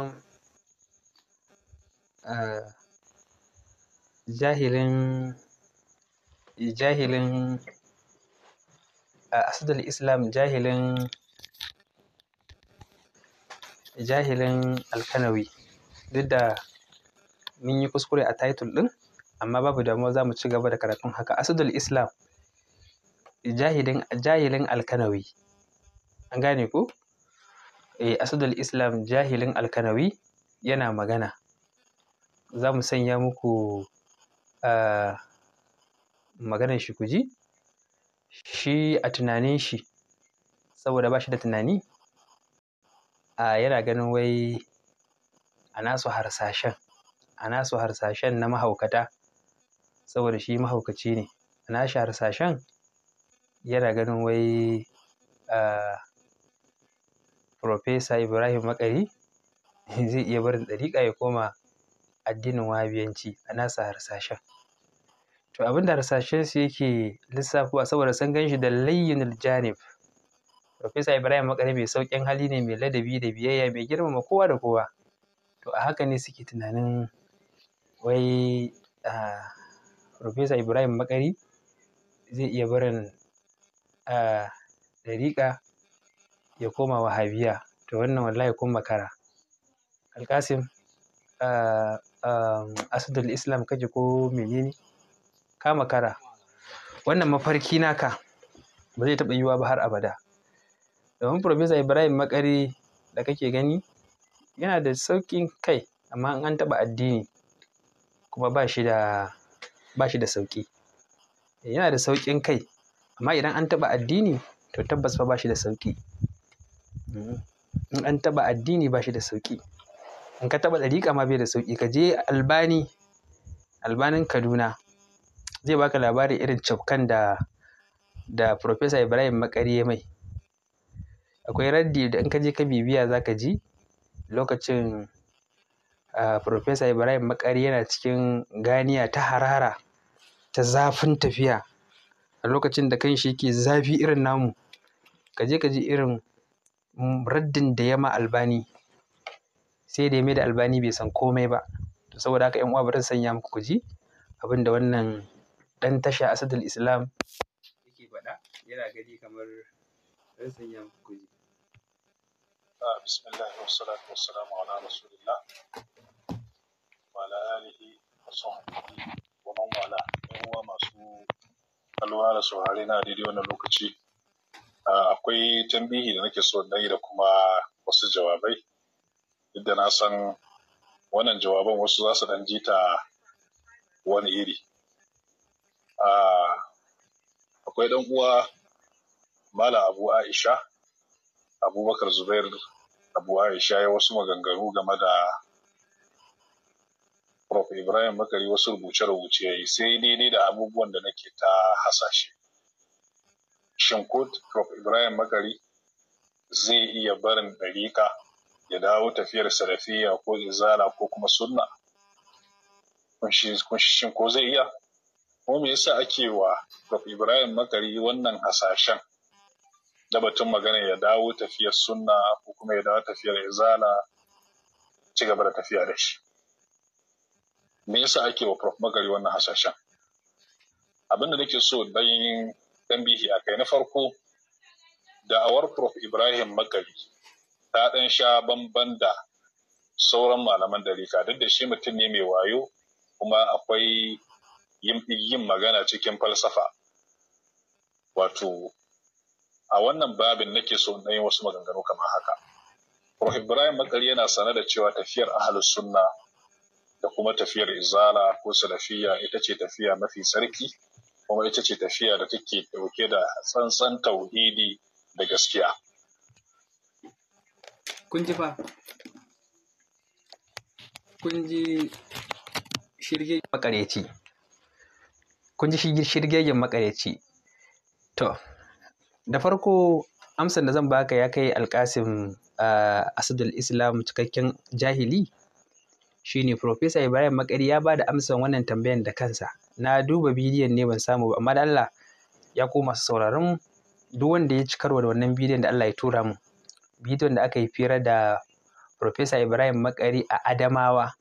um jahilin jahilin asadul islam jahilin jahilin alkanawi duk da mun yi kuskure a title ɗin amma babu damuwa za mu ci gaba da karatun haka asadul islam jahilin alkanawi an gane ku. Eh, asadul islam jahilin alkanawi yana magana za mu sanya muku ah, maganar shi ku ji shi a tunanin shi saboda ba shi da tunani a yana ganin wai a nasu harsashen a nasu harsashen na mahaukata saboda shi mahaukaci ne a nashi harsashen yana ganin wai a ah, Profesa Ibrahim Makari zai iya barin ɗariƙa ya koma addinin wahabiyanci a nasa harsashen. To abinda da harsashen su yake a saboda sun gan shi da layyin janib. Profesa Ibrahim Makari mai sauƙin hali ne mai ladabi da biyayya mai girmama kowa da kowa. To a haka ne suke tunanin wai Profesa Ibrahim Makari zai iya barin ɗariƙa ya koma wahabiya to wannan wallahi kun makara alƙasim asadul islam kake ko menene ka makara wannan mafarki naka ba zai taɓa yiwuwa ba har abada domin professor ibrahim makari da kake gani yana da sauƙin kai amma in an taɓa addini kuma ba shi da ba da sauƙi eh, yana da sauƙin kai amma idan an taɓa addini to tabbas fa ba shi da sauƙi in an taɓa addini ba shi da sauƙi in ka taɓa ɗariƙa ma bai da sauƙi ka je albani albanin kaduna zai baka labarin irin cafkan da da Profesa Ibrahim Makari ya mai akwai raddi da in ka je ka bibiya za ka ji lokacin Profesa Ibrahim Makari yana cikin ganiya ta harara ta zafin tafiya a lokacin da shi yake zafi irin namu ka je ka ji irin Mm, raddin da ya ma albani sai da ya mai da albani bai san komai ba to saboda haka ƴan uwa bari sanya muku ji. abin da wannan dan tasha asadul islam yake faɗa yana gani kamar bari sanya muku kuji بسم الله والصلاة والسلام على رسول الله وعلى wa man wala. Ƴan uwa masu kalwa da saurare na daidai wannan lokaci akwai tambihi da nake so na yi da kuma wasu jawabai duk da na san wannan jawaban wasu za su dan ji ta wani iri akwai dan uwa mala abu aisha abubakar zubair abu aisha ya wasu maganganu game da prof ibrahim makari wasu rubuce-rubuce ya yi sai ne da abubuwan da nake ta hasashe shin ko Prof Ibrahim Makari zai iya barin ɗariƙa ya dawo tafiyar sarafiya ko izala ko kuma sunna shin ko zai iya ko me yasa ake wa Prof Ibrahim Makari wannan hasashen da batun magana ya dawo tafiyar sunna ko kuma ya dawo tafiyar izala ci gaba da tafiya da shi me yasa ake wa Prof Magari wannan hasashen Abinda da nake so bayan tambihi a kai na farko da'awar prof ibrahim makari ta ɗan sha bamban da sauran malaman dalika duk da shi mutum ne mai wayo kuma akwai yin magana cikin falsafa wato a wannan babin nake so na yi wasu maganganu kamar haka prof ibrahim makari yana sane da cewa tafiyar ahalus sunna da kuma tafiyar izala ko salafiya ita ce tafiya mafi sarki kuma ita ce tafiya da take dauke da tsantsan tauhidi da gaskiya. Kun ji fa? Kun ji makareci. Kun ji makareci. To, da farko amsan da zan baka ya kai alkasim asadul islam cikakken jahili shine Profesa Ibrahim Makari ya ba da amsan wannan tambayan da kansa. na duba bidiyon ne ban samu ba amma da Allah ya koma sauraron duk wanda ya ci karo da wannan bidiyon da Allah ya tura mu bidiyon da aka yi fira da Professor Ibrahim Makari a Adamawa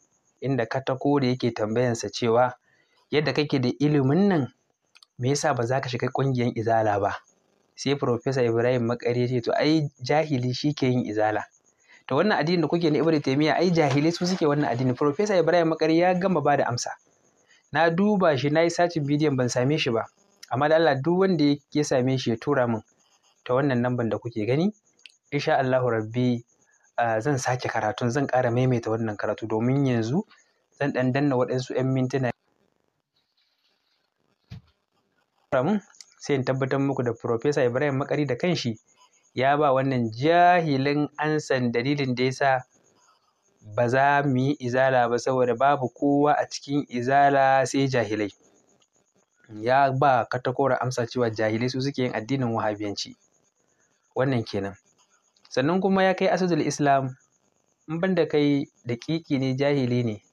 inda katako da yake tambayansa cewa yadda kake da ilimin nan me yasa ba za ka shiga ƙungiyar izala ba sai Profesa Ibrahim Makari ya ce to ai jahili shi ke yin izala to wannan addini da kuke na Ibrahim Taymiyyah ai jahilai su suke wannan addini Profesa Ibrahim Makari ya gama ba da amsa na duba shi na yi sacin bidiyon ban same shi ba amma da Allah duk wanda ya same shi ya tura min ta wannan namban da kuke gani insha Allahu rabbi zan sake karatun zan ƙara maimaita wannan karatu domin yanzu zan ɗanɗana danna waɗansu 'yan mintuna min sai in tabbatar muku da Profesa Ibrahim Makari da kanshi ya ba wannan jahilin ansan dalilin da ya sa ba za mu yi izala ba saboda babu kowa a cikin izala sai jahilai ya ba katakora amsa cewa jahilai su suke yin addinin wahabiyanci wannan kenan sannan kuma ya kai asadul islam in ban da kai daƙiƙi ne jahili ne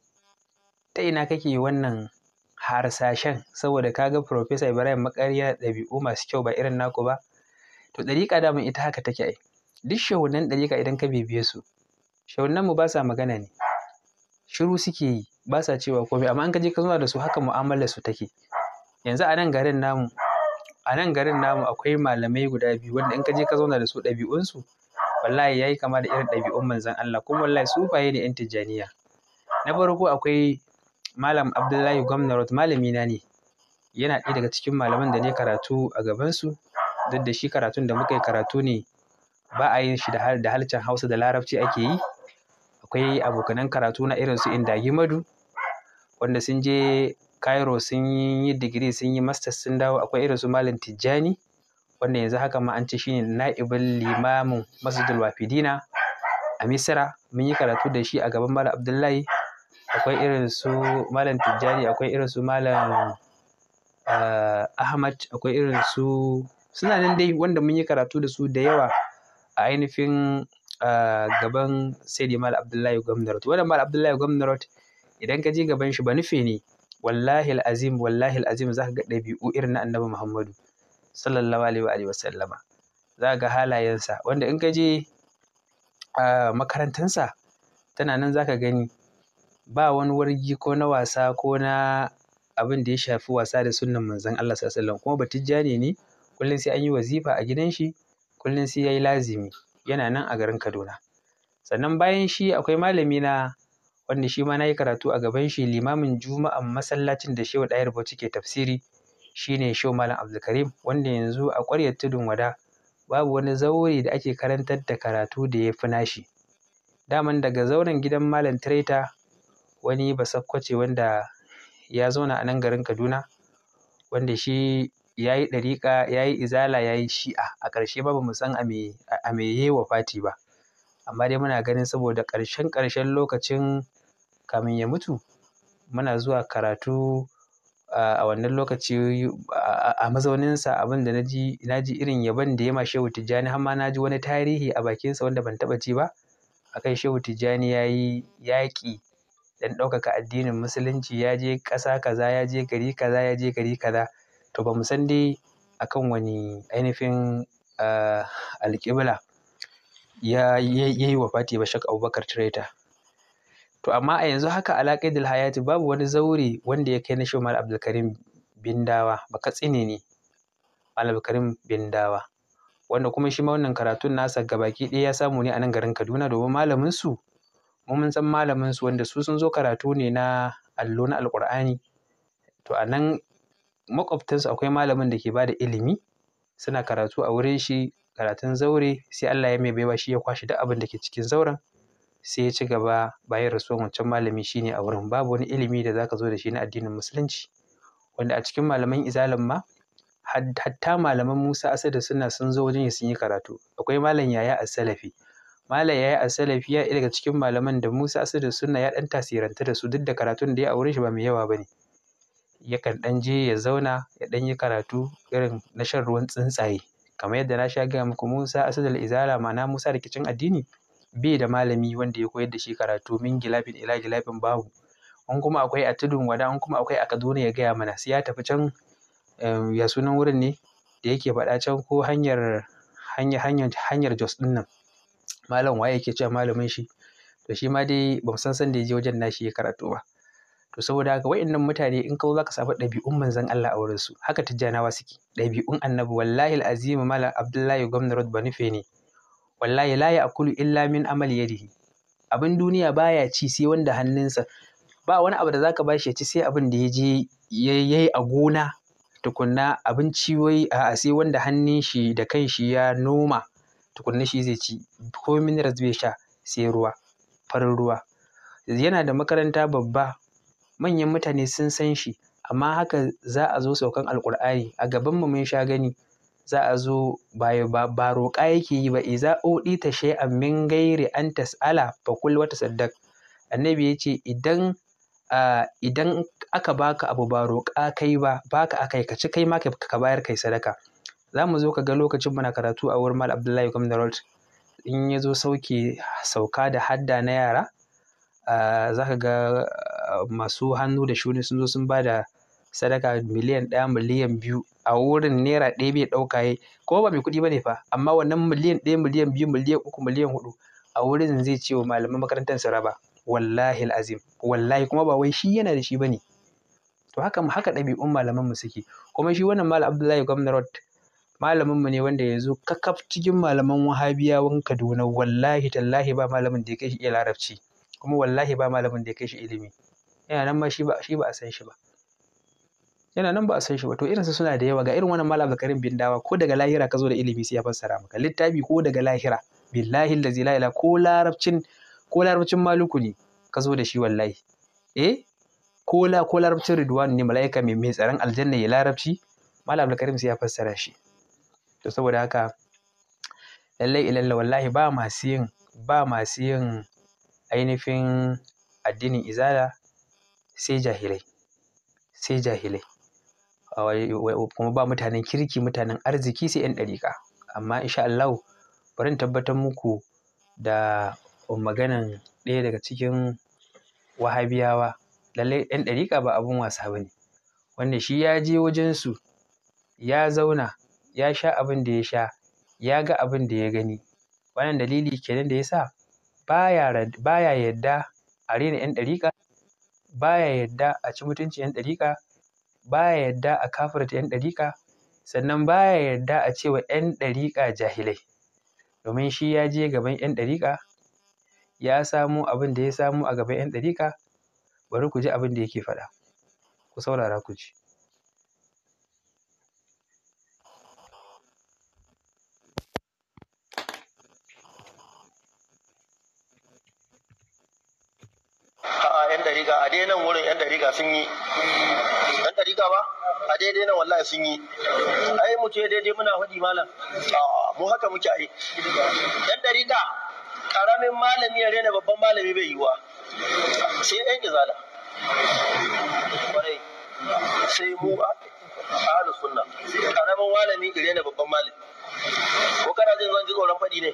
ta ina kake wannan harsashen saboda ka ga Profesa Ibrahim Makari yana ɗabi'u masu kyau ba irin naku ba to ɗariƙa dama ita haka take ai duk shehunan ɗariƙa idan ka bibiye su Shaunanmu mu ba sa magana ne. Shiru suke yi, ba sa cewa komai amma in ka ka zauna da su haka mu'amalar su take. Yanzu a nan garin namu a nan garin namu akwai malamai guda biyu wanda in ka je ka zauna da su ɗabi'unsu wallahi yayi kama da irin ɗabi'un manzon Allah kuma wallahi su sufaye ne yan tijjaniya. Na farko akwai Malam Abdullahi Gwamnarot malami na ne yana ɗaya daga cikin malaman da ne karatu a gabansu duk da shi karatun da muka yi karatu ne ba a yin shi da harshen Hausa da Larabci ake yi akwai abokanan karatu na irin su Indagi Madu wanda sun je Cairo sun yi digiri sun yi masters sun dawo akwai irin su Malam Tijjani wanda yanzu haka ma an ce shine na'ibin limamin Masjidul Wafidina a Misira mun yi karatu da shi a gaban Malam Abdullahi akwai irin su Malam Tijjani akwai irin su Malam eh, Ahmad akwai irin su suna nan dai wanda mun yi karatu da su da yawa a ainihin gaban sai mal abdullahi gwamnarot wannan mal abdullahi gwamnarot idan ka je gaban shi ba nufi ne wallahi azim wallahi azim za ka ga ɗabi'u irin na annabi muhammadu sallallahu alaihi wa sallama za ga halayensa wanda in ka je makarantansa tana nan za ka gani ba wani wargi ko na wasa ko na abin da ya shafi wasa da sunnan manzon Allah sallallahu alaihi wasallam kuma batijjani ne kullum sai an yi wazifa a gidan shi kullum sai yayi lazimi yana nan a garin Kaduna sannan bayan shi akwai malami na wanda shi ma na yi karatu a gaban shi limamin juma'an masallacin da shehu ɗayar bauchi ke tafsiri shine shehu malam abdulkarim wanda yanzu a ƙwaryar tudun wada babu wani zaure da ake karantar da karatu da ya fi nashi daman daga zauren gidan malam tireta wani basakkwace wanda ya zauna a nan garin kaduna wanda shi Yayi yi ɗariƙa ya izala ya shi'a a ƙarshe ba mu san a me wa fati ba amma dai muna ganin saboda ƙarshen ƙarshen lokacin kamin ya mutu muna zuwa karatu a wannan lokaci a mazauninsa abin da na ji irin yaban da ya ma shehu tijjani har ma na ji wani tarihi a bakinsa wanda ban taɓa ji ba akan shehu tijjani ya yi yaƙi ɗan ɗaukaka addinin musulunci ya je ƙasa kaza ya je gari kaza ya je gari kaza to ba mu san dai a kan wani ainihin ah, alƙibla ya yi wa fati ba shak abubakar tireta to amma a yanzu haka alaƙidil hayati babu wani zaure wanda ya kai na shomar abdulkarim bindawa ba katsine ne abdulkarim bindawa wanda kuma shi ma wannan karatun nasa ga baki ɗaya ya samu ne a nan garin kaduna domin malamin su mun san malamin wanda su sun zo karatu ne na allo na alƙur'ani to a nan maƙwabtansu akwai malamin da ke ba da ilimi suna karatu a wurin shi karatun zaure sai Allah ya mai baiwa shi ya kwashe duk abin da ke cikin zauren sai ya ci gaba bayan rasuwan wancan malami shine a wurin babu wani ilimi da zaka zo da shi na addinin musulunci wanda a cikin malaman izalin ma hatta malaman Musa Asadu suna sun zo wajen sun yi karatu akwai malam yaya as-salafi malam yaya as-salafi ya daga cikin malaman da Musa Asadu suna ya ɗan tasiranta da su duk da karatun da ya a wurin shi ba mai yawa ba ne. yakan ɗan je ya zauna ya ɗan yi karatu irin na shan ruwan tsuntsaye kamar yadda na sha gaya muku Musa Asadul Izala ma'ana Musa rikicin addini bai da malami wanda ya koyar da shi karatu min gilabin ila gilabin babu in kuma akwai a tudun wada in kuma akwai a Kaduna ya gaya mana sai ya tafi can ya sunan wurin ne da yake faɗa can ko hanyar hanyar hanyar Jos ɗin nan malam waye yake cewa malamin shi to shi ma dai ba san san ya je wajen nashi ya karatu ba to saboda haka wa'annan mutane in kawo zaka saba ɗabi'un manzon Allah a wurin su haka tijjanawa suke ɗabi'un annabi wallahi al'azim malam abdullahi gwamna rod banife ne wallahi la ya'kulu illa min amali yadihi abin duniya baya ci sai wanda hannunsa ba wani abu da zaka bashi ya ci sai abin da ya je yayi a gona tukunna abin wai a sai wanda hannun shi da kan shi ya noma tukunna shi zai ci ko minerals bai sha sai ruwa farin ruwa yana da makaranta babba manyan mutane sun san shi amma haka za a zo saukan alƙur'ani a gaban mu mun sha gani za a zo ba roƙa yake yi ba iza uɗi ta shay'an min ghairi an tas'ala fa kul wa tasaddaq annabi ya ce idan idan aka baka abu ba roƙa kai ba baka akai ka ci kai ma ka bayar kai sadaka za mu zo ka ga lokacin muna karatu a wurin mal abdullahi gwamna in ya zo sauke sauka da hadda na yara za ka ga masu hannu da shuni sun zo sun ba da sadaka miliyan ɗaya miliyan biyu a wurin naira ɗaya bai ɗauka yi ko ba mai kuɗi ba ne fa amma wannan miliyan ɗaya miliyan biyu miliyan uku miliyan hudu a wurin zai ce wa malaman makarantar su raba wallahi azim wallahi kuma ba wai shi yana da shi ba ne to haka haka ɗabi'un malaman mu suke kuma shi wannan malam abdullahi gwamnarot malamin mu ne wanda ya zo kakaf cikin malaman wahabiyawan kaduna wallahi tallahi ba malamin da ya kai shi iya larabci kuma wallahi ba malamin da ya kai shi ilimi yana nan ma shi ba shi ba a san shi ba yana nan ba a san shi ba to irinsa suna da yawa ga irin wannan malam zakarin bin dawa ko daga lahira ka zo da ilimi sai ya fassara maka littafi ko daga lahira billahi allazi la ilaha ko larabcin ko larabcin maluku ne ka zo da shi wallahi eh ko la ko larabcin ridwan ne malaika mai mai tsaron aljanna ya larabci malam zakarin sai ya fassara shi to saboda haka lallai ilalla wallahi ba masu yin ba masu yin ainihin addinin izala sai jahilai sai jahilai kuma ba mutanen kirki mutanen arziki sai 'yan ɗariƙa amma insha Allah bari tabbatar muku da maganan ɗaya daga cikin wahabiyawa lallai 'yan ɗariƙa ba abun wasa ba ne wanda shi ya je wajensu ya zauna ya sha abin da ya sha ya ga abin da ya gani wannan dalili kenan da ya sa ba ya yarda a rena 'yan ɗariƙa baya yadda a ci mutunci yan ɗariƙa baya yadda a kafirta yan ɗariƙa sannan baya yadda a cewa yan ɗariƙa jahilai domin shi ya je gaban yan ɗariƙa ya samo abin da ya samo a gaban yan ɗariƙa bari ku ji abin da yake faɗa ku saurara ku ji yan dariga a daina nan wurin yan dariga sun yi yan dariga ba a daidai nan wallahi sun yi ai mu ce daidai muna hudi malam mu haka muke ai yan dariga karamin malami ya rena babban malami bai yiwa sai yan gizala sai mu ahlus sunna karamin malami ya rena babban malami ko kana jin zan ji tsoron faɗi ne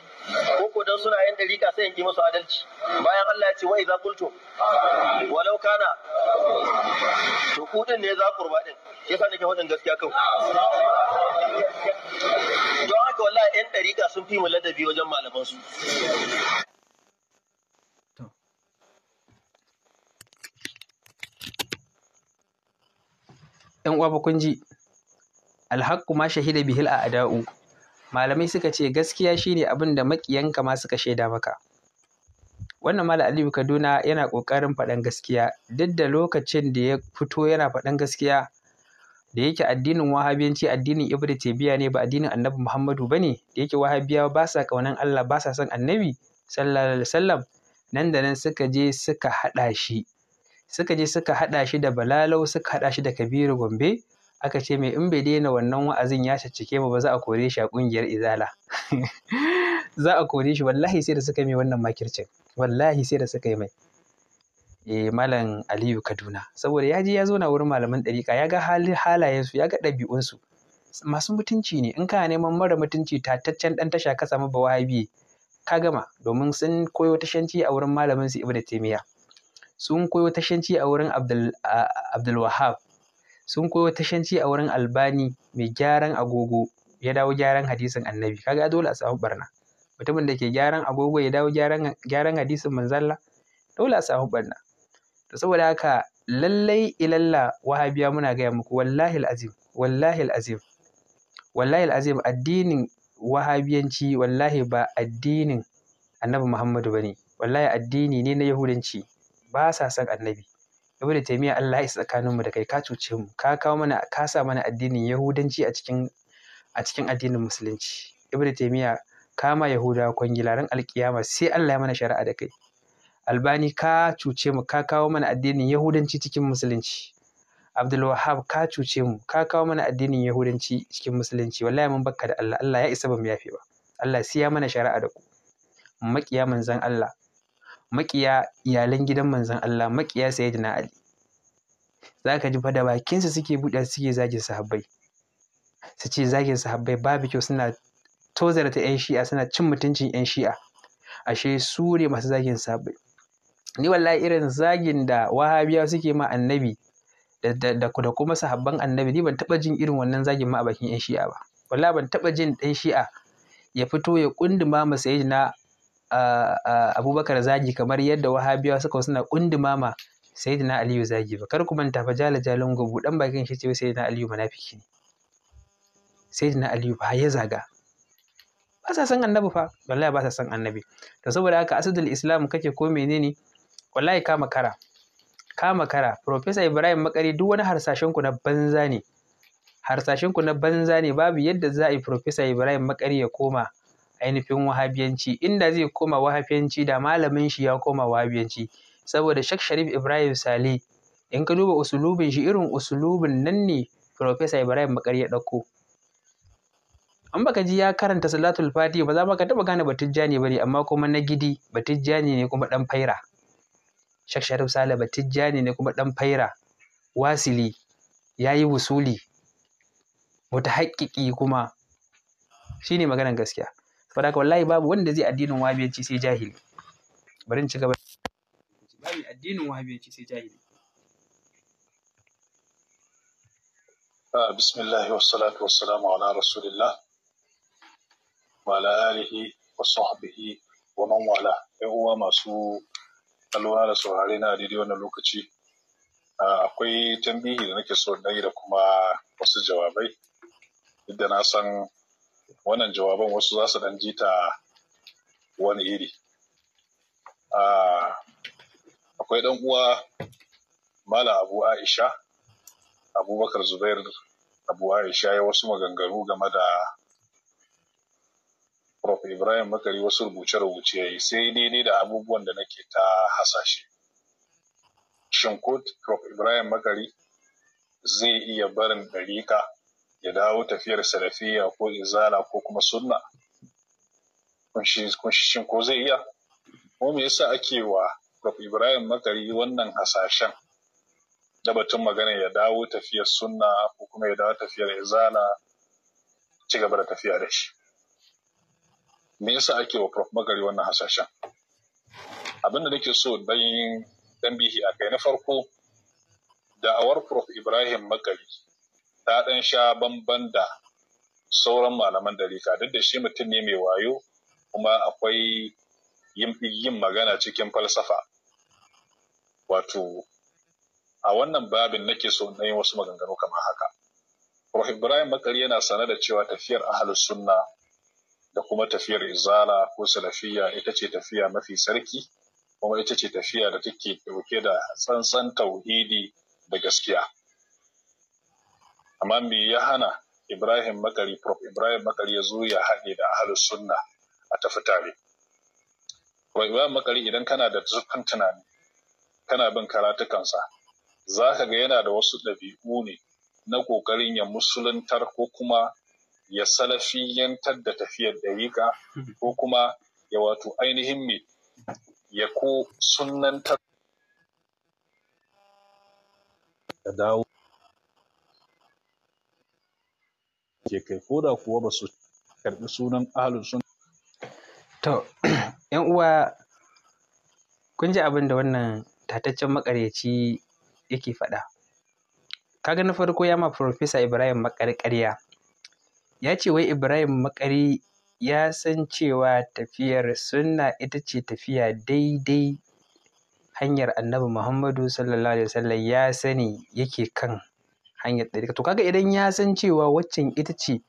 ko ko dan suna yin dariƙa sai in ki musu adalci bayan Allah ya ce wa idza qultum walau kana to ku din ne za kurba din yasa nake faɗin gaskiya kau. don haka wallahi yan dariƙa sun fi mu ladabi wajen malaman su ‘yan uwa kun ji alhaqqu ma shahida bihil a ada'u malamai suka ce gaskiya shine abin da maƙiyanka ma suka shaida maka wannan malam aliyu kaduna yana ƙoƙarin faɗan gaskiya duk da lokacin da ya fito yana faɗan gaskiya da yake addinin wahabiyanci addinin ibnu Tabiya ne ba addinin annabi muhammadu ba ne? da yake wahabiyawa ba sa kaunan allah ba sa son annabi sallallahu alaihi wasallam nan da nan suka je suka haɗa shi suka je suka haɗa shi da balalau suka haɗa shi da kabiru gombe aka ce mai in bai daina wannan wa'azin ya caccake mu ba za a kore shi a kungiyar izala za a kore shi wallahi sai da suka yi mai wannan makircin wallahi sai da suka yi mai eh malam Aliyu Kaduna saboda ya je ya zauna wurin malaman ɗariƙa ya ga halayen su ya ga ɗabi'un su masu mutunci ne in ka neman mara mutunci tataccen ɗan tasha ka samu bawahabi ka gama domin sun koyo tashanci a wurin malamin su ibnu Taymiyyah sun koyo tashanci a wurin Abdul Abdul sun koyo tashanci a wurin albani mai gyaran agogo ya dawo gyaran hadisin annabi kaga dole a samu barna mutumin da ke gyaran agogo ya dawo gyaran hadisin manzalla dole a samu barna to saboda haka lallai ilalla wahabiya muna gaya muku wallahi azim wallahi azim wallahi azim addinin wahabiyanci wallahi ba addinin annabi muhammadu bane wallahi addini ne na yahudanci ba sa son annabi ibnu taymiya Allah ya tsakanin tsakaninmu da kai ka cuce mu ka kawo mana ka sa mana addinin yahudanci a cikin a cikin addinin musulunci ibnu taymiya kama yahudawa kwangilaran alkiyama sai Allah ya mana shari'a da kai albani ka cuce mu ka kawo mana addinin yahudanci cikin musulunci abdul wahab ka cuce mu ka kawo mana addinin yahudanci cikin musulunci wallahi mun bakka da Allah Allah ya isa ba mu yafe ba Allah sai ya mana shari'a da ku makiya manzon Allah maƙiya iyalan gidan manzon Allah maƙiya sayyidina Ali za ka ji fa da bakinsa suke buɗe suke zagin sahabbai su ce zagin sahabbai babu kyau suna tozarta 'yan shi'a suna cin mutuncin 'yan shi'a ashe su ne masu zagin sahabbai ni wallahi irin zagin da wahabiya suke ma annabi da kuma sahabban annabi ni ban taɓa jin irin wannan zagin ma a bakin 'yan shi'a ba wallahi ban taɓa jin ɗan shi'a ya fito ya kunduma sayyidina abubakar zagi kamar yadda wahabiyawa suka suna mama, sayyidina aliyu zagi ba kar ku manta fa jala jalan gobu dan bakin shi ce sayyidina aliyu munafiki ne sayyidina aliyu ba ya zaga ba sa san annabi fa wallahi ba sa san annabi to saboda haka asadul islam kake ko menene wallahi kama kara kama kara professor ibrahim makari duk wani harsashen ku na banza ne harsashen ku na banza ne babu yadda za a yi professor ibrahim makari ya koma ainihin wahabiyanci inda zai koma wahabiyanci da malamin shi ya koma wahabiyanci saboda Sheikh Sharif Ibrahim Sale in ka duba usulubin shi irin usulubin nan ne Professor Ibrahim Bakari ya ɗauko an baka ji ya karanta salatul fatiha ba za ka taba gane batijjani bane amma kuma na gidi batijjani ne kuma dan faira Sheikh Sharif Sale batijjani ne kuma dan faira wasili yayi wusuli mutahaqqiqi kuma shine maganar gaskiya saboda haka wallahi babu wanda zai addinin wahabiyanci sai jahili bari in ci gaba babu addinin wahabiyanci sai jahili بسم ah, ala rasulillah والسلام على رسول الله وعلى آله وصحبه ومن والاه uwa masu kalwa da saurare na daidai wannan lokaci ah, akwai tambihi da nake so na yi da kuma wasu jawabai duk na san wannan jawaban wasu za su dan jita wani iri akwai ɗan uwa mala abu aisha abubakar zubair abu aisha ya wasu maganganu game da prof ibrahim makari wasu rubuce-rubuce ya yi sai daidai da abubuwan da nake ta hasashe shin ko prof ibrahim makari zai iya barin ɗariƙa ya dawo tafiyar salafiya ko izala ko kuma sunna shin ko zai iya ko me yasa ake wa Prof Ibrahim Makari wannan hasashen da batun magana ya dawo tafiyar sunna ko kuma ya dawo tafiyar izala ci gaba da tafiya da shi me yasa ake wa Prof Makari wannan hasashen abin da nake so dan dan bihi akai na farko da'awar Prof Ibrahim Makari ta ɗan sha bamban da sauran malaman ɗarika duk da shi mutum ne mai wayo kuma akwai yin magana cikin falsafa wato a wannan babin nake so na yi wasu maganganu kamar haka Prof. Ibrahim Makari yana sane da cewa tafiyar ahalus sunna da kuma tafiyar izala ko salafiya ita ce tafiya mafi sarki kuma ita ce tafiya da take dauke da tsantsan tauhidi da gaskiya amma me ya hana Ibrahim Makari Prof Ibrahim Makari ya zo ya haɗe da ahalus Sunna a tafi tare Ibrahim Makari idan kana da zurfin tunani kana bin karatukansa za ka ga yana da wasu ɗabi'u ne na ƙoƙarin ya musuluntar ko kuma ya salafiyantar da tafiyar ɗariƙa ko kuma ya wato ainihin me ya ko sunantar ke kai ko da kuwa ba su karɓi sunan ahalin sun to yan uwa kun ji abin da wannan tataccen makaryaci yake faɗa kaga na farko ya ma Profesa Ibrahim makarƙarya ya ce wai Ibrahim makari ya san cewa tafiyar sunna ita ce tafiya daidai hanyar annabi Muhammadu sallallahu alaihi wasallam ya sani yake kan hanyar ɗariƙa to kaga idan ya san cewa waccan ita ce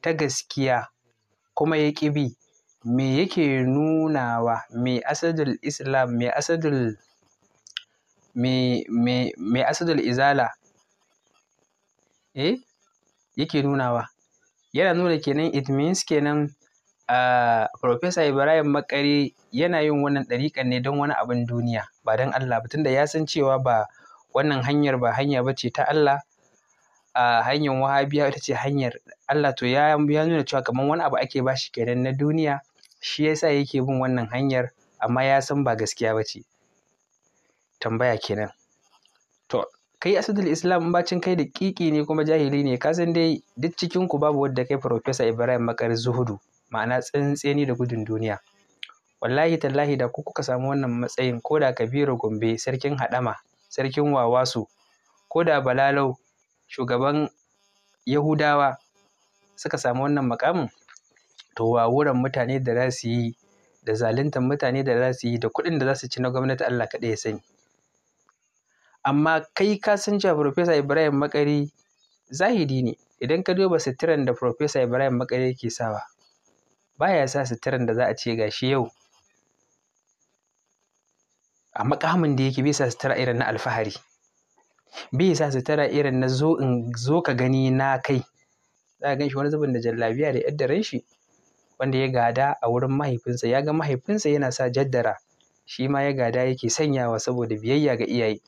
ta gaskiya kuma ya ƙi bi me yake nunawa me asadul islam me asadul me me me asadul izala eh yake nunawa yana nuna kenan it means kenan uh, Professor Ibrahim Makari yana yin wannan ɗariƙan ne don wani abin duniya ba don Allah ba tunda ya san cewa ba wannan hanyar ba hanya ba ce ta Allah hanyar wahabiya ita ce hanyar Allah to ya nuna cewa kamar wani abu ake bashi kenan na duniya shi yasa yake bin wannan hanyar amma ya san ba gaskiya ba ce tambaya kenan to kai asadul islam in bacin kai da kiki ne kuma jahili ne ka san dai duk cikin ku babu wanda kai farfesa ibrahim makar zuhudu ma'ana tsantseni da gudun duniya wallahi tallahi da ku kuka samu wannan matsayin ko da kabiru gombe sarkin hadama sarkin wawasu ko da balalau shugaban Yahudawa suka samu wannan makamin to wuran mutane da za su yi da zaluntar mutane da za su yi da kuɗin da za su ci na gwamnati Allah kaɗai ya sani amma kai ka san cewa Profesa Ibrahim Makari zahidi ne idan ka duba sitiran da Profesa Ibrahim Makari yake sawa baya sa sitiran da za a ce gashi yau a makamin da yake bisa sitira irin na alfahari bai sa tara irin na zo in zo ka gani na kai za ka gan shi wani zubin da jallabiya da ran shi wanda ya gada a wurin mahaifinsa ya ga mahaifinsa yana sa jaddara shi ma ya gada yake sanyawa saboda biyayya ga iyaye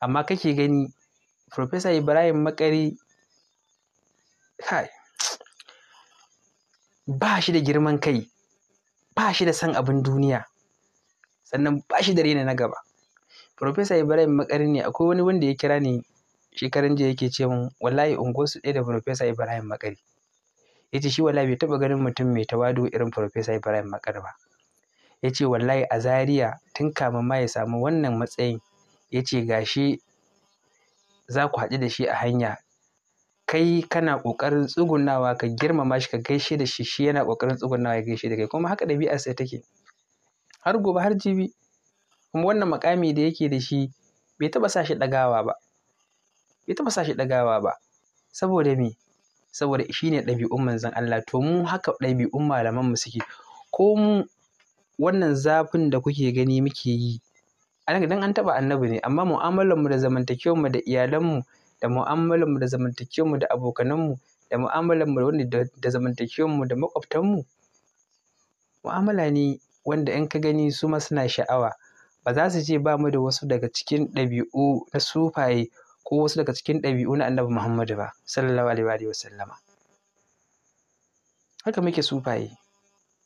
amma kake gani Profesa Ibrahim Makari kai ba shi da girman kai ba shi da san abin duniya sannan ba shi da rena na gaba Profesa Ibrahim Makari ne akwai wani wanda ya kira ni shekaran jiya yake ce min wallahi unguwarsu ɗaya da Profesa Ibrahim Makari. Ya ce shi wallahi bai taɓa ganin mutum mai tawadu irin Profesa Ibrahim Makari ba. Ya ce wallahi a Zariya tun kamin ma ya samu wannan matsayin ya ce gashi za ku haɗu da shi a hanya kai kana ƙoƙarin tsugunawa ka girmama shi ka gaishe da shi shi yana ƙoƙarin tsugunawa ya gaishe da kai kuma haka ɗabi'arsa take har gobe har jibi kuma wannan muƙami da yake da shi bai taɓa sa shi ɗagawa ba bai taɓa sa shi ɗagawa ba saboda me saboda shi ne ɗabi'un manzon Allah to mu haka ɗabi'un malaman mu suke ko mu wannan zafin da kuke gani muke yi A nan dan an taɓa annabi ne amma mu da mu da iyalanmu da mu da mu da mu da mu'amalarmu wanda da mu da mu mu'amala ne wanda in ka gani su ma suna sha'awa ba za su ce ba mu da wasu daga cikin ɗabi'u na sufaye ko wasu daga cikin ɗabi'u na annabi muhammadu ba sallallahu alaihi wa sallama haka muke sufaye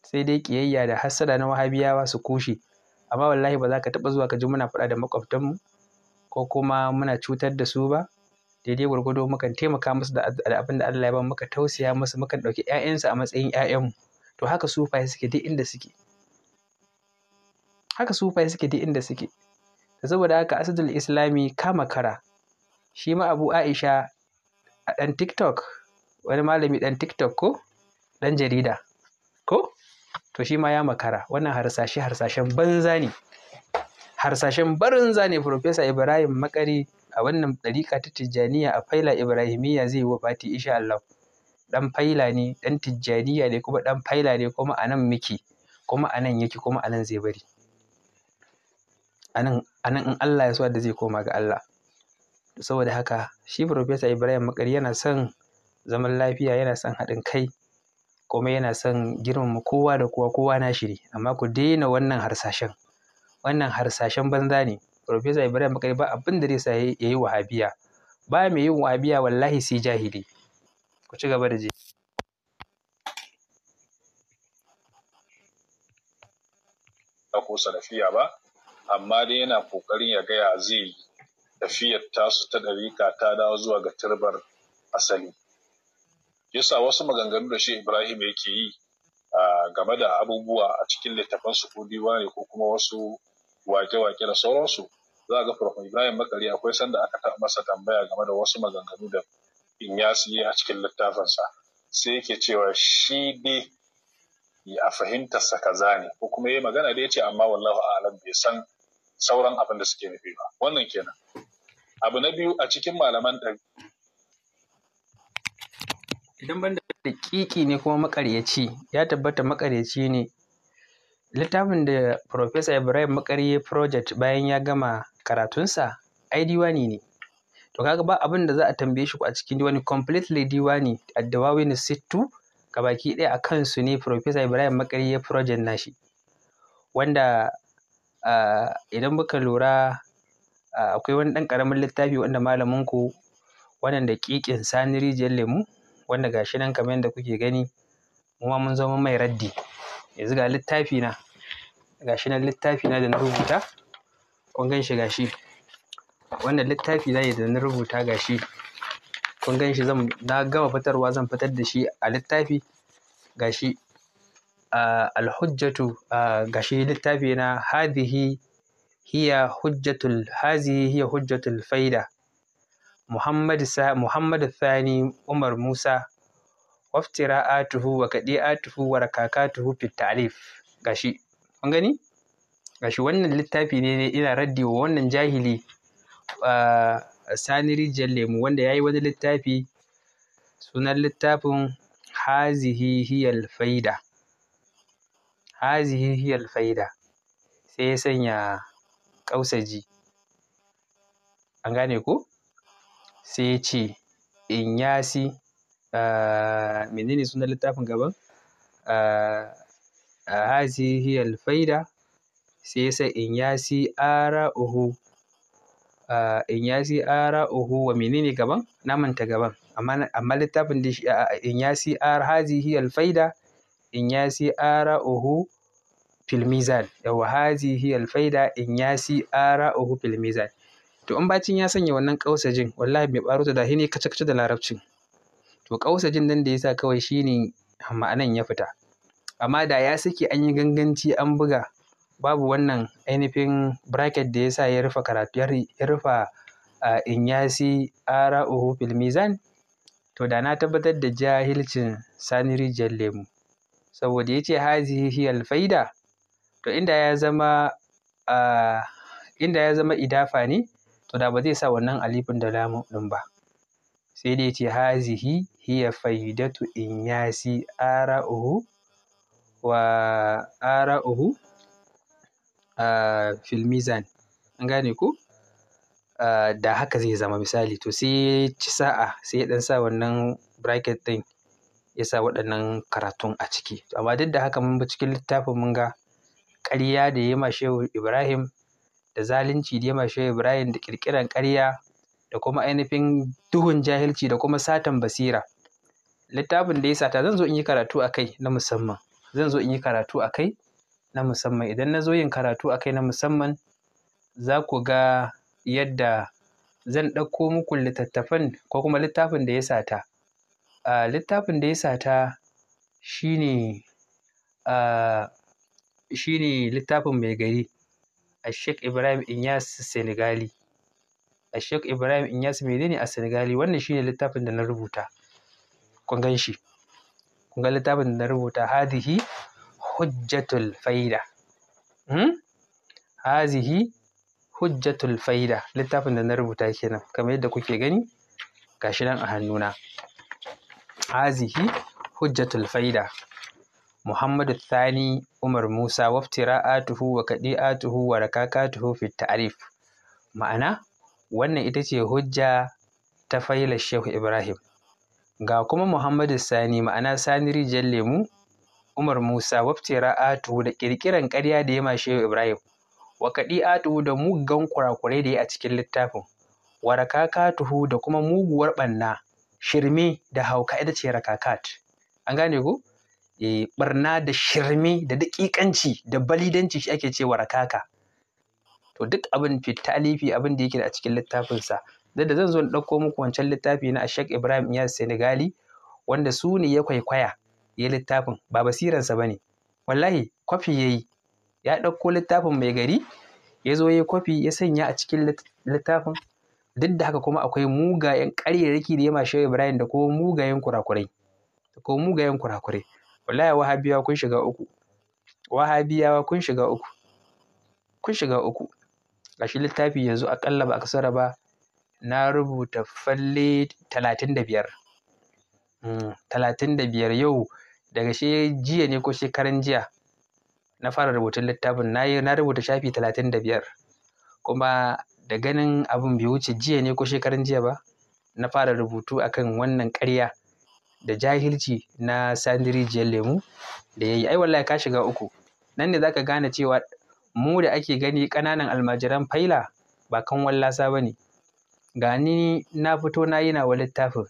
sai dai ƙiyayya da hassada na wahabiyawa su kushe amma wallahi ba za ka taɓa zuwa ka ji muna faɗa da maƙwabtanmu ko kuma muna cutar da su ba daidai gwargwado mukan taimaka musu da abin da Allah ya ba muka tausaya musu mukan ɗauki 'ya'yansu a matsayin 'ya'yanmu to haka sufaye suke duk inda suke haka sufai suke duk inda suke da saboda haka asadul islami kama kara shi ma abu aisha a ɗan tiktok wani malami ɗan tiktok ko ɗan jarida ko to shi ma ya makara wannan harsashe harsashen banza ne harsashen banza ne Profesa ibrahim makari a wannan ɗariƙa ta tijjaniya a faila ibrahimiyya zai wa fati isha Allah ɗan faila ne ɗan tijjaniya ne kuma ɗan faila ne kuma a nan miki kuma a nan yake kuma anan zai bari anan in Allah ya so da zai koma ga Allah saboda haka shi Profesa Ibrahim Makar yana son zaman lafiya yana son haɗin kai kuma yana son girmama kowa da kowa kowa na shiri amma ku daina wannan harsashen wannan harsashen banza ne Profesa Ibrahim Makar ba abin da zai sa ya yi wahabiya ba mai yin wahabiya wallahi sai jahili ku ci gaba da je ko salafiya ba amma dai yana kokarin ya gaya zai tafiyar tasu ta ɗarika ta dawo zuwa ga turbar asali yasa wasu maganganu da shi ibrahim yake yi game da abubuwa a cikin littafan su ko ne ko kuma wasu wake-wake da sauransu za a ga farkon ibrahim makari akwai sanda aka taɓa masa tambaya game da wasu maganganu da in ya siye a cikin littafinsa sai yake cewa shi dai a fahimtarsa kaza ne ko kuma ya magana da ya ce amma wallahu alam bai san sauran abin da suke nufi ba wannan kenan abu na biyu a cikin malaman ɗari idan ban da dakiki ne kuma makaryaci ya tabbata makaryaci ne littafin da Profesa Ibrahim Makarye Project bayan ya gama karatunsa ai diwani ne to kaga ba abin da za a tambaye shi a cikin diwani completely diwani addawawi na sittu baki ɗaya a kansu ne Profesa Ibrahim Makarye Project nashi wanda Eh, idan muka lura eh, akwai wani ɗan ƙaramin littafi wanda malaminku wannan daƙiƙin sani rijiyar lemu wanda ga shi nan kamar yadda kuke gani mu mun zama mai raddi yanzu ga littafi na ga shi nan littafi na da na rubuta kun gan shi ga shi wannan littafi na da na rubuta ga shi kun gan shi na gama fitarwa zan fitar da shi a littafi ga shi alhujjatu gashi littafi na hadhihi hiya hujjatul hiya hujjatul faida muhammad sa muhammad thani umar musa waftira'atuhu wa kadi'atuhu wa rakakatuhu fit ta'rif gashi kun gani gashi wannan littafi ne ina raddi wa wannan jahili sani rijiyar lemu wanda ya yi wani littafi sunan littafin hazihi hiyal faida hazihi hiyal faida sai ya sanya ƙausaji an gane ko sai ya ce in yasi ah, menene sunan littafin gaban ah, ah, hazihi hiyal faida sai ya sa in yasi ara uhu in yasi ara uhu wa menene gaban na manta gaban amma littafin da in yasi ara hazihi hiyal faida in yasi ara uhu filmizan da yawa hazihi al faida in yasi ara'uhu fil filmizan to in bacin ya sanya wannan kausajin wallahi mai baruta da hine kace kace da larabcin to kausajin nan da ya sa kawai shine ma'anan ya fita amma da ya saki an yi ganganci an buga babu wannan ainihin bracket da ya sa ya rufa karatu ya rufa in yasi a fil filmizan to da na tabbatar da jahilcin sani rijiyar lemu saboda ya ce hazi hiyar faida to inda ya zama inda ya zama idafa ne to da ba zai sa wannan alifin da lamu ɗin ba sai dai ce hazihi hiya faidatu in yasi ara'uhu wa ara'uhu fil mizan an gane ko da haka zai zama misali to sai ci sa'a sai ya ɗan sa wannan bracket ɗin ya sa waɗannan karatun a ciki amma duk da haka mun bi cikin littafin mun ga ƙarya da ya ma Shehu Ibrahim da zalunci da ya ma Shehu Ibrahim da ƙirƙiran ƙarya da kuma ainihin duhun jahilci da kuma satan basira littafin da ya sata zan zo in yi karatu a kai na musamman zan zo in yi karatu a kai na musamman idan na zo yin karatu a kai na musamman za ku ga yadda zan ɗauko muku littattafan ko kuma littafin da ya sata ah, littafin da ya sata shine ah, shine littafin mai gari a Sheikh Ibrahim Inyas Senegali. A Sheikh Ibrahim Inyas menene a Senegali wannan shine littafin da na rubuta. Kun gan shi. Kun ga littafin da na rubuta hadihi hujjatul faida. Hmm? Hazihi hujjatul faida littafin da na rubuta kenan kamar yadda kuke gani gashi nan a hannuna. Hazihi hujjatul faida. Muhammadu Sani, Umar Musa waftira'atuhu tuhu, kadi'atuhu wa rakakatuhu fi ta'rif ma'ana wannan ita ce hujja ta failar Shehu Ibrahim ga kuma Muhammadu Sani ma'ana Sani Rijiyar Lemu Umar Musa tuhu da ƙirƙiran karya da yama Shehu Ibrahim wa kadi'atuhu da muggan kurakurai da ya a cikin littafin wa tuhu da kuma muguwar ɓanna Shirmi da hauka ita ce rakakat an gane ku barna eh, da shirme da daƙiƙanci da balidanci shi ake cewa rakaka to duk abin fitalifi abin da yake a cikin littafinsa da da zan zo ɗauko muku wancan littafi na Ashek Ibrahim Iyas Senegali wanda su ne ya kwaikwaya ya littafin ba basiransa ba ne wallahi kwafi ya yi ya ɗauko littafin mai gari ya zo ya kwafi ya sanya a cikin littafin duk da haka kuma akwai mugayen ƙaryarki da ya Ibrahim da kuma mugayen kurakurai da kuma mugayen kurakurai Wallahi wahabiyawa kun shiga uku. Wahabiyawa kun shiga uku. Kun shiga uku. Gashi littafi yanzu akalla ba a kasara ba na rubuta falle talatin da biyar. Hmm, talatin da biyar yau daga shi jiya ne ko shekaran jiya na fara rubutun littafin na na rubuta shafi talatin da biyar. Kuma da ganin abin bai wuce jiya ne ko shekaran jiya ba na fara rubutu akan wannan ƙarya da jahilci na sani jiyar lemu da ya yi ai wallahi ka shiga uku nan ne zaka gane cewa mu da ake gani ƙananan almajiran faila ba kan wallasa ba ne ga ni na fito na yi wa littafin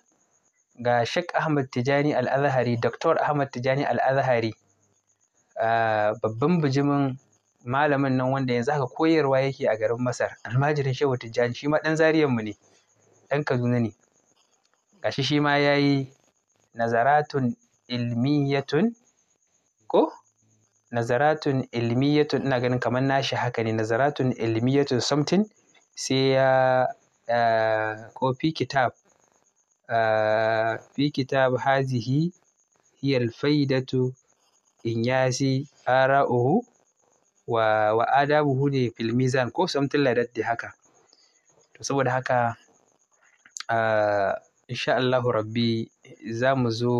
ga shek Ahmad Tijani Al-Azhari Dr. Ahmad Tijani Al-Azhari babban bijimin malamin nan wanda yanzu haka koyarwa yake a garin Masar almajirin Shehu Tijani shi ma ɗan zariyanmu ne ɗan Kaduna ne gashi shi ma ya yi nazaratun ilmiyatun ko nazaratun ilmiyatun ina ganin kamar nashi haka ne nazaratun ilmiyatun something sai ya ko fi kitab fi kitab hazihi faidatu in yasi ara'uhu wa wa adabuhu ne fil mizan ko something like that dai haka to saboda haka ah, insha rabbi za mu zo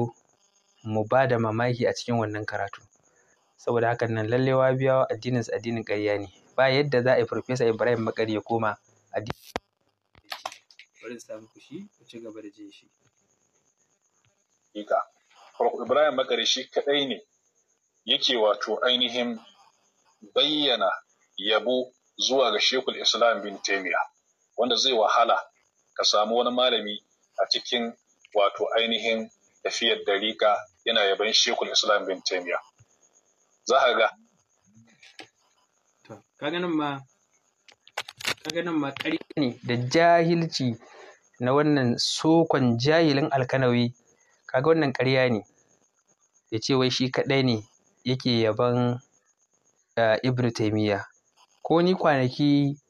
mu ba da mamaki a cikin wannan karatu saboda hakan nan lallai wahabiyawa addinin su addinin ƙarya ne ba yadda za a yi farfesa ibrahim makari ya koma addini bari sa muku fushi, ku ci gaba da jin shi ibrahim makari shi kadai ne yake wato ainihin bayyana yabo zuwa ga shekul islam bin taimiya wanda zai wahala ka samu wani malami a cikin wato ainihin tafiyar dariƙa yana yaban shekul islam bin taimiya za a ga kaganin ma ne da jahilci na wannan sokon jahilin alkanawi kaga wannan ƙarya ne ya ce wai shi kaɗai ne yake yaban eh, ibnu taimiya ko ni kwanaki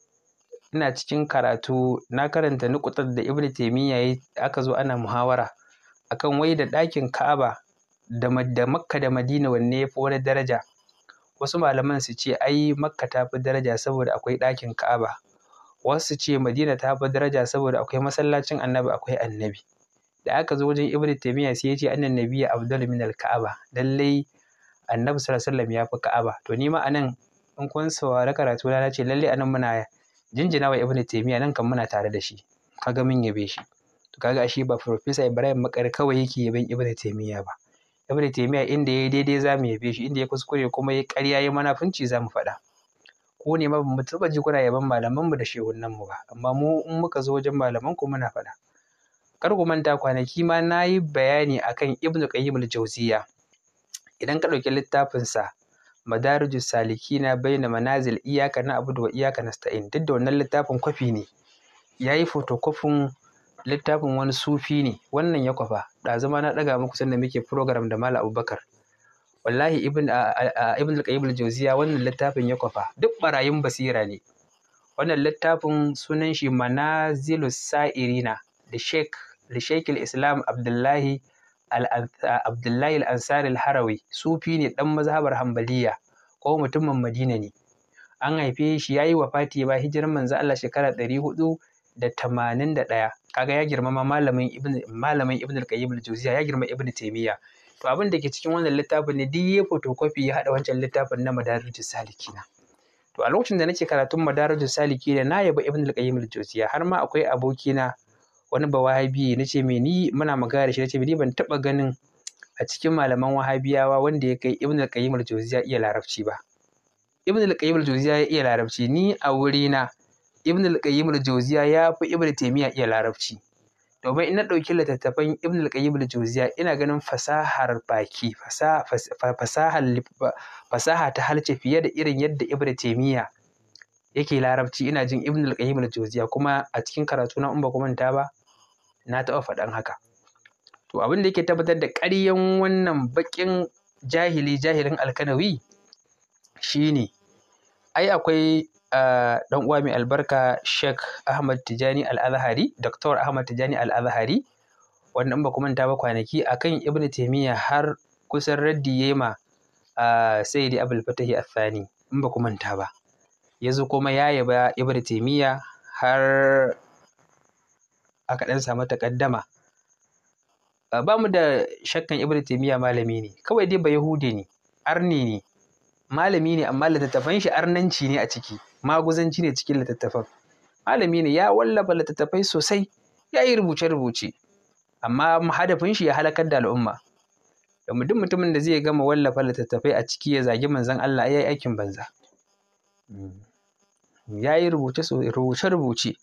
ina cikin karatu na karanta nukutar da ibn taimiyya ya aka zo ana muhawara akan wai da ɗakin ka'aba da makka da madina wanne ya fi wani daraja wasu malaman su ce ai makka ta fi daraja saboda akwai ɗakin ka'aba wasu su ce madina ta fi daraja saboda akwai masallacin annabi akwai annabi da aka zo wajen ibn taimiyya sai ya ce annan ya abdul min Minal ka'aba lallai annabi sallallahu alaihi wasallam ya fi ka'aba to ni ma anan in kun saurari karatu na ce lallai anan muna jinjina wa ibnu taymiya nan kan muna tare da shi Ka kaga mun yabe shi to kaga ashe ba professor ibrahim makar kawai yake yaben ibnu taymiya ba ibnu taymiya inda yayi daidai zamu yabe shi inda ya kuskure kuma ya ƙarya ya munafunci zamu faɗa ko ne ma bamu taba ji kuna yaban malaman mu da shehunnan mu ba amma mu in muka zo wajen malaman ku muna faɗa kar ku manta kwanaki ma nayi bayani akan ibnu qayyim al-jawziya idan ka ɗauki littafinsa madariju salikina baina manazil iyaka na abudu wa iyaka nasta'in duk da wannan littafin kwafi ne yayi photocopying littafin wani sufi ne wannan ya kwafa da zama na daga muku sanda muke program da Malam Abubakar wallahi ibn ibn al-qayyim al-jawziya wannan littafin ya kwafa duk barayin basira ne wannan littafin sunan shi manazilus sa'irina da sheikh da sheikh islam abdullahi abdullahi al-ansari al-harawi sufi ne ɗan mazhabar hambaliya, ko mutumin madina ne an haife shi ya yi wafati ba hijirar manzo Allah shekara ɗaya. kaga ya girmama malamin ibn malamin ibn al-qayyim al jauziya ya girma ibn taimiyya, to abin da ke cikin wannan littafin ne duk ya photocopy ya hada wancan littafin na madarijus salikina to a lokacin da nake karatun madarijus salikina na yaba ibn al-qayyim al jauziya har ma akwai abokina wani ba wahabi na ce me ni muna magana da shi na ce ni ban taɓa ganin a cikin malaman wahabiyawa wanda ya kai ibn al-qayyim al-jawziya iya larabci ba ibn al-qayyim al-jawziya ya iya larabci ni a wurina ibn al-qayyim al-jawziya ya fi ibn taymiya iya larabci domin in na ɗauki littattafan ibn al-qayyim al-jawziya ina ganin fasahar baki fasaha ta halce fiye da irin yadda ibn taymiya yake larabci ina jin ibn al-qayyim al-jawziya kuma a cikin karatu na in ba ku manta ba na taɓa faɗan haka to abin da yake tabbatar da ƙaryan wannan baƙin jahili jahilin alkanawi shine ai akwai ah, ɗan uwa mai albarka Sheikh Ahmad Tijani Al-Azhari Dr. Ahmad Tijani Al-Azhari wanda in ba manta ba kwanaki akan Ibn Taymiyyah har kusan raddi yema ah, sai da Abul Fatahi Athani in ba manta ba Ya zo kuma ya yaba Ibn Taymiyyah har aka ɗan samu taƙaddama ah, ba mu da shakkan ibn taymiya malami ne kawai dai ba yahudi ne arni ne malami ne amma littattafan shi arnanci ne a ciki maguzanci ne cikin littattafan malami ne ya wallafa littattafai sosai ya yi rubuce-rubuce amma hadafin shi ya halakar da al'umma domin duk mutumin da zai gama wallafa littattafai a ciki ya zagi manzon Allah ya yi aikin banza hmm. ya yi rubuce-rubuce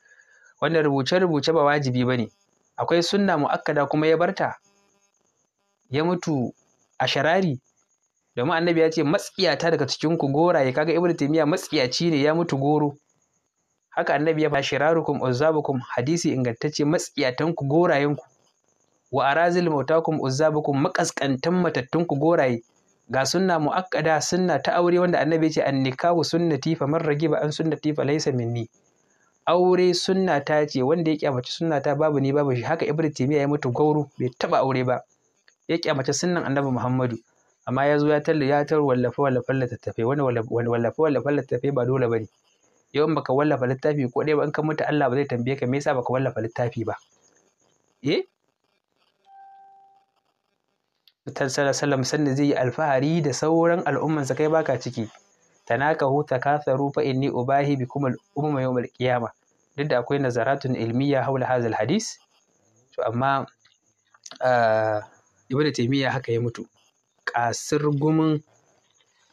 wanda rubuce-rubuce ba wajibi ba ne akwai sunna mu'akkada kuma ya barta ya mutu a sharari domin annabi ya ce matsiyata daga cikin ku goraye kaga ibnu taymiya matsiyaci ne ya mutu goro haka annabi ya ba shirarukum uzzabukum hadisi ingantacce matsiyatan ku gorayen ku wa arazil mautakum uzzabukum makaskantan matattun ku goraye ga sunna mu'akkada sunna ta aure wanda annabi ya ce annikahu sunnati faman ragiba an sunnati fa laysa minni aure sunna ta ce wanda ya kyamaci sunna ta babu ne babu shi haka ibnu taymiya ya mutu gauru bai taba aure ba ya kyamaci sunnan annabi muhammadu amma ya zo ya talla ya tar wallafa wallafa littattafai wani wallafa wallafa littattafai ba dole bane yau in baka wallafa littafi ko ɗaya ba in ka mutu Allah ba zai tambaye ka me yasa baka wallafa littafi ba eh sallallahu alaihi wasallam sanda zai yi alfahari da sauran al'ummansa kai baka ciki tanakahu takatharu fa inni ubahi bikum al umma yawm al qiyama duk da akwai nazaratun ilmiya haula hadha al hadis to amma ah, ibnu taymiya haka ya mutu kasir gumin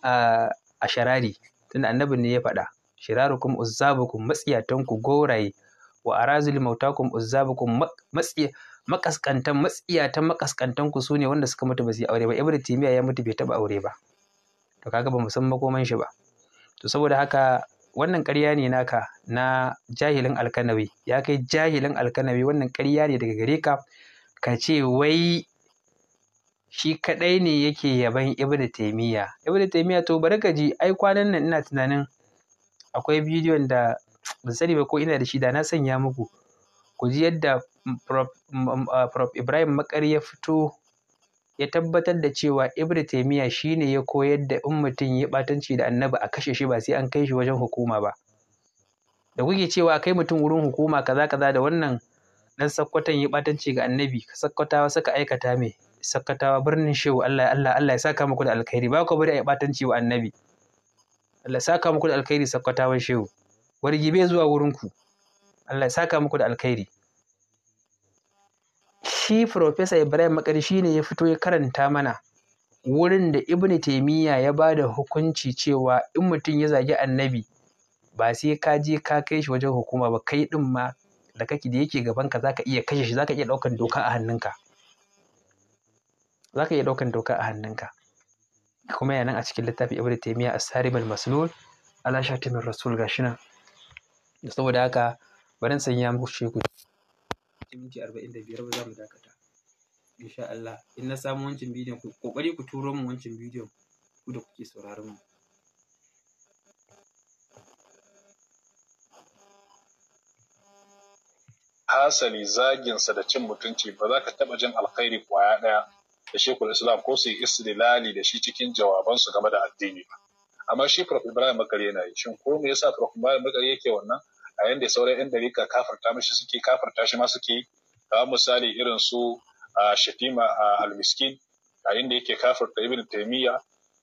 a ah, sharari tunda annabin ne ya faɗa shirarukum uzzabukum matsiyatanku goraye wa arazil mautakum uzzabukum matsiya makaskantan matsiyatan makaskantan ku sune wanda suka mutu ba su yi aure ba ibnu taymiya ya mutu bai taba aure ba to kaga ba mu san makoman shi ba to saboda haka wannan ƙarya ne naka na jahilin alkanawi ya kai jahilin alkanawi wannan ƙarya ne daga gare ka ka ce wai shi kaɗai ne yake yaban ibn taimiyya ibn taimiyya to bari ka ji ai kwanan nan ina tunanin akwai bidiyon da ban sani ba ko ina da shi da na sanya muku ku ji yadda prof ibrahim makari ya fito ya tabbatar da cewa ibnu shi shine ya koyar da in mutum ya batanci da annabi a kashe shi ba sai an kai shi wajen hukuma ba da kuke cewa kai mutum wurin hukuma kaza kaza da wannan dan sakkwatan ya batanci ga annabi sakkwatawa suka aikata me sakkwatawa birnin shehu Allah Allah Allah ya saka muku da alkhairi ba ku bari a batanci wa annabi Allah ya saka muku da alkhairi sakkwatawan shehu wargi bai zuwa wurinku Allah ya saka muku da alkhairi shi Profesa Ibrahim makar shi ne ya fito ya karanta mana wurin da Ibn Taimiyya ya ba da hukunci cewa in mutum ya zagi annabi ba sai ka je ka kai shi wajen hukuma ba kai ɗin ma da kake da yake gaban ka zaka iya kashe shi zaka iya doka a hannunka zaka iya ɗaukan doka a hannunka kuma yana a cikin littafi Ibn Taimiyya As-Sarib al-Maslul ala Rasul gashi nan saboda haka bari sanya muku shi minti arba'in da biyar ba za mu dakata insha Allah in na samu wancan bidiyon ku kokari ku turo mu wancan bidiyon ku da kuke sauraron mu hasali zaginsa da cin mutunci ba za ka taɓa jin alkhairi kwaya ɗaya da shekul islam ko su yi istilali da shi cikin jawabansu game da addini ba amma shi prof ibrahim bakar yana yi shin ko me yasa prof ibrahim bakar yake wannan a yanda sauran yan dariƙa kafarta mishi suke kafarta shi ma suke kawo misali irin su a shatima a almiskin a yanda yake kafarta ibn taimiyya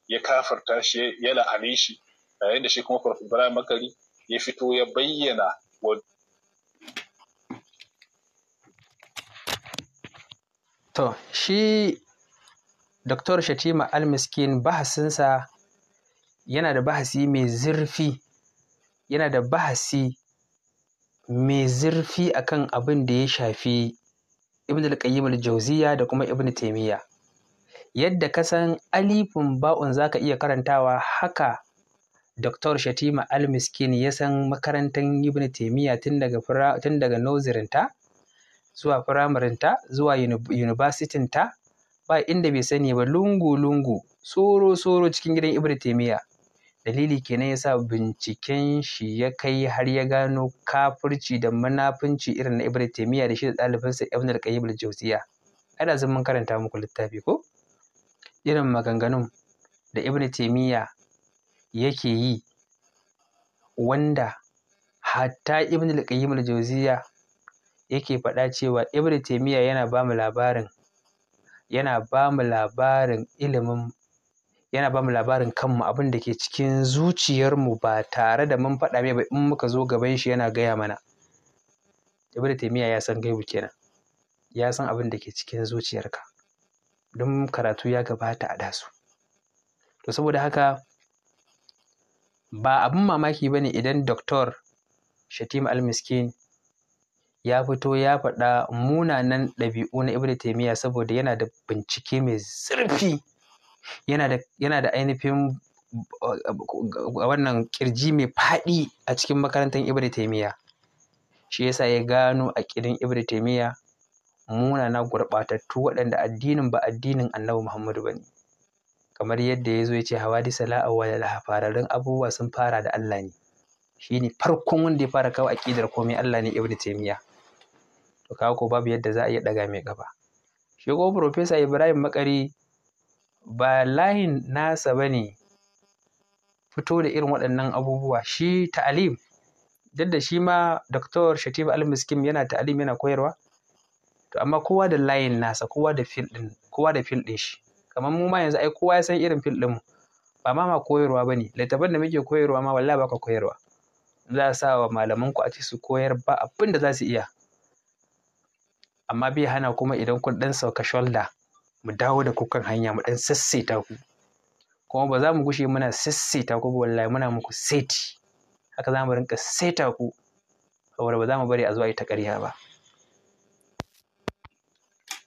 ya kafarta shi ya la'ane shi a yanda shi kuma kwarfi ibrahim makari ya fito ya bayyana wa to shi Dr. Shatima Almiskin bahasinsa yana da bahasi mai zurfi yana da bahasi mai zurfi akan abin da ya shafi ibn al-qayyim al-jawziya da kuma ibn taymiya yadda ka san alifin ba'un zaka iya karantawa haka Dr. Shatima Al-Miskin ya san makarantar Ibn Taymiyyah tun daga tun daga nozirinta zuwa firamarinta zuwa ta, ba inda bai sani ba lungu lungu soro soro cikin gidan Ibn Taymiyyah dalili kenan yasa binciken shi ya kai har ya gano kafirci da munafunci irin na Ibn Taymiyyah da shi da ɗalibinsa Ibn al-Qayyim al ai da zan mun karanta muku littafi ko irin maganganun da Ibn Taymiyyah yake yi wanda hatta Ibn al-Qayyim al-Jawziyya yake faɗa cewa Ibn Taymiyyah yana ba mu labarin yana ba mu labarin ilimin yana ba mu labarin kanmu abin da ke cikin zuciyarmu ba tare da mun faɗa mai ba in muka zo gaban shi yana gaya mana ibn taymiya ya san gaibu kenan ya san abin da ke cikin zuciyarka don karatu ya gabata a dasu to saboda haka ba abin mamaki ba ne idan doktor shatim al-miskin ya fito ya faɗa munanan ɗabi'u na ibn taymiya saboda yana da bincike mai zurfi yana da ainihin wannan kirji mai faɗi a cikin makarantar ibn taimiyya. shi yasa ya gano a kirin ibn munana gurɓatattu waɗanda addinin ba addinin annabi muhammadu ba ne kamar yadda ya zo ya ce hawa la awwala da fararrun abubuwa sun fara da Allah ne shine farkon wanda ya fara kawo aƙidar komai Allah ne ibn taimiyya. to kawo ko babu yadda za a iya ɗaga mai kafa shi ko ibrahim makari ba layin nasa ba ne fito da irin waɗannan abubuwa shi ta'alim duk da shi ma Dr. Shatiba Al-Miskim yana ta'alim yana koyarwa to amma kowa da layin nasa kowa da fil din kowa da fil din shi kamar mu ma yanzu ai kowa ya san irin fil din mu ba ma ma koyarwa bane littafin da muke koyarwa ma wallahi baka koyarwa za sa wa malaman ku a ci su koyar ba abin da za su iya amma bai hana kuma idan kun dan sauka shoulder mu dawo da ku hanya mu ɗan sassaita ku kuma ba za mu gushe muna sassaita ku wallahi muna muku seti haka za mu rinka seta ku saboda ba za mu bari a zuwa ita ƙarya ba